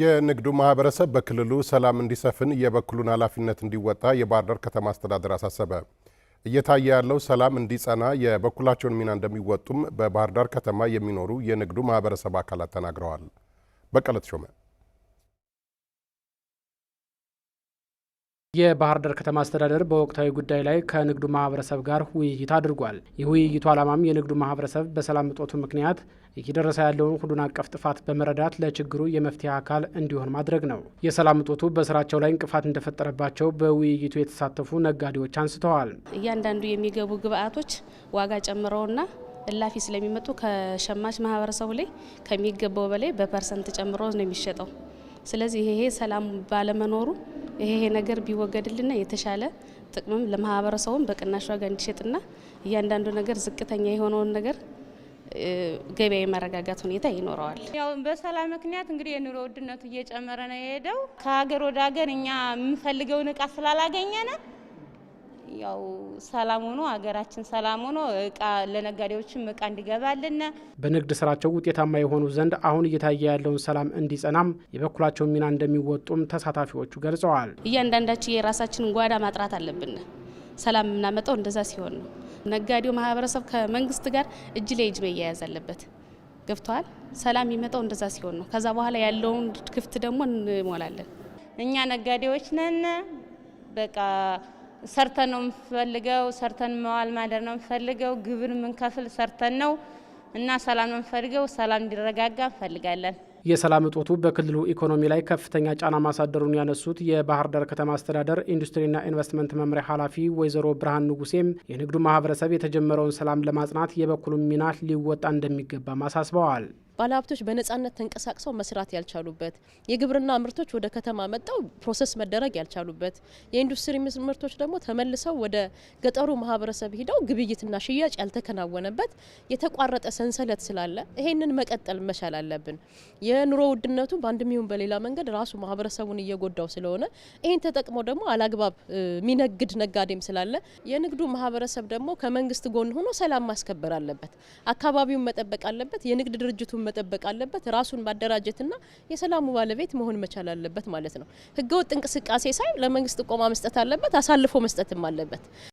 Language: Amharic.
የንግዱ ማህበረሰብ በክልሉ ሰላም እንዲሰፍን የበኩሉን ኃላፊነት እንዲወጣ የባህር ዳር ከተማ አስተዳደር አሳሰበ። እየታየ ያለው ሰላም እንዲጸና የበኩላቸውን ሚና እንደሚወጡም በባህርዳር ዳር ከተማ የሚኖሩ የንግዱ ማህበረሰብ አካላት ተናግረዋል። በቀለት ሾመ የባህር ዳር ከተማ አስተዳደር በወቅታዊ ጉዳይ ላይ ከንግዱ ማህበረሰብ ጋር ውይይት አድርጓል። የውይይቱ ዓላማም የንግዱ ማህበረሰብ በሰላም እጦቱ ምክንያት እየደረሰ ያለውን ሁሉን አቀፍ ጥፋት በመረዳት ለችግሩ የመፍትሄ አካል እንዲሆን ማድረግ ነው። የሰላም እጦቱ በስራቸው ላይ እንቅፋት እንደፈጠረባቸው በውይይቱ የተሳተፉ ነጋዴዎች አንስተዋል። እያንዳንዱ የሚገቡ ግብአቶች ዋጋ ጨምረውና እላፊ ስለሚመጡ ከሸማች ማህበረሰቡ ላይ ከሚገባው በላይ በፐርሰንት ጨምሮ ነው የሚሸጠው። ስለዚህ ይሄ ሰላም ባለመኖሩ ይሄ ነገር ቢወገድልና የተሻለ ጥቅምም ለማህበረሰቡም በቅናሽ ዋጋ እንዲሸጥና እያንዳንዱ ነገር ዝቅተኛ የሆነውን ነገር ገበያ የመረጋጋት ሁኔታ ይኖረዋል። ያው በሰላም ምክንያት እንግዲህ የኑሮ ውድነቱ እየጨመረ ነው የሄደው። ከሀገር ወደ ሀገር እኛ የምንፈልገውን እቃ ስላላገኘነ ያው ሰላም ሆኖ ሀገራችን ሰላም ሆኖ እቃ ለነጋዴዎችም እቃ እንዲገባልን በንግድ ስራቸው ውጤታማ የሆኑ ዘንድ አሁን እየታየ ያለውን ሰላም እንዲጸናም የበኩላቸውን ሚና እንደሚወጡም ተሳታፊዎቹ ገልጸዋል። እያንዳንዳችን የራሳችንን ጓዳ ማጥራት አለብን። ሰላም የምናመጣው እንደዛ ሲሆን ነው። ነጋዴው ማህበረሰብ ከመንግስት ጋር እጅ እጅ መያያዝ አለበት። ገብተዋል። ሰላም የሚመጣው እንደዛ ሲሆን ነው። ከዛ በኋላ ያለውን ክፍት ደግሞ እንሞላለን። እኛ ነጋዴዎች ነን በቃ ሰርተን ነው የምፈልገው ሰርተን መዋል ማደር ነው የምፈልገው ግብር ምንከፍል ሰርተን ነው እና ሰላም ነው የምፈልገው ሰላም እንዲረጋጋ እንፈልጋለን። የሰላም እጦቱ በክልሉ ኢኮኖሚ ላይ ከፍተኛ ጫና ማሳደሩን ያነሱት የባህር ዳር ከተማ አስተዳደር ኢንዱስትሪና ኢንቨስትመንት መምሪያ ኃላፊ ወይዘሮ ብርሃን ንጉሴም የንግዱ ማህበረሰብ የተጀመረውን ሰላም ለማጽናት የበኩሉን ሚና ሊወጣ እንደሚገባም አሳስበዋል። ባለሀብቶች በነጻነት ተንቀሳቅሰው መስራት ያልቻሉበት፣ የግብርና ምርቶች ወደ ከተማ መጣው ፕሮሰስ መደረግ ያልቻሉበት፣ የኢንዱስትሪ ምርቶች ደግሞ ተመልሰው ወደ ገጠሩ ማህበረሰብ ሂደው ግብይትና ሽያጭ ያልተከናወነበት የተቋረጠ ሰንሰለት ስላለ ይሄንን መቀጠል መቻል አለብን። የኑሮ ውድነቱ በአንድም ይሁን በሌላ መንገድ ራሱ ማህበረሰቡን እየጎዳው ስለሆነ ይህን ተጠቅሞ ደግሞ አላግባብ የሚነግድ ነጋዴም ስላለ የንግዱ ማህበረሰብ ደግሞ ከመንግስት ጎን ሆኖ ሰላም ማስከበር አለበት፣ አካባቢውን መጠበቅ አለበት፣ የንግድ ድርጅቱን መጠበቅ አለበት፣ ራሱን ማደራጀትና የሰላሙ ባለቤት መሆን መቻል አለበት ማለት ነው። ህገወጥ እንቅስቃሴ ሳይ ለመንግስት ጥቆማ መስጠት አለበት፣ አሳልፎ መስጠትም አለበት።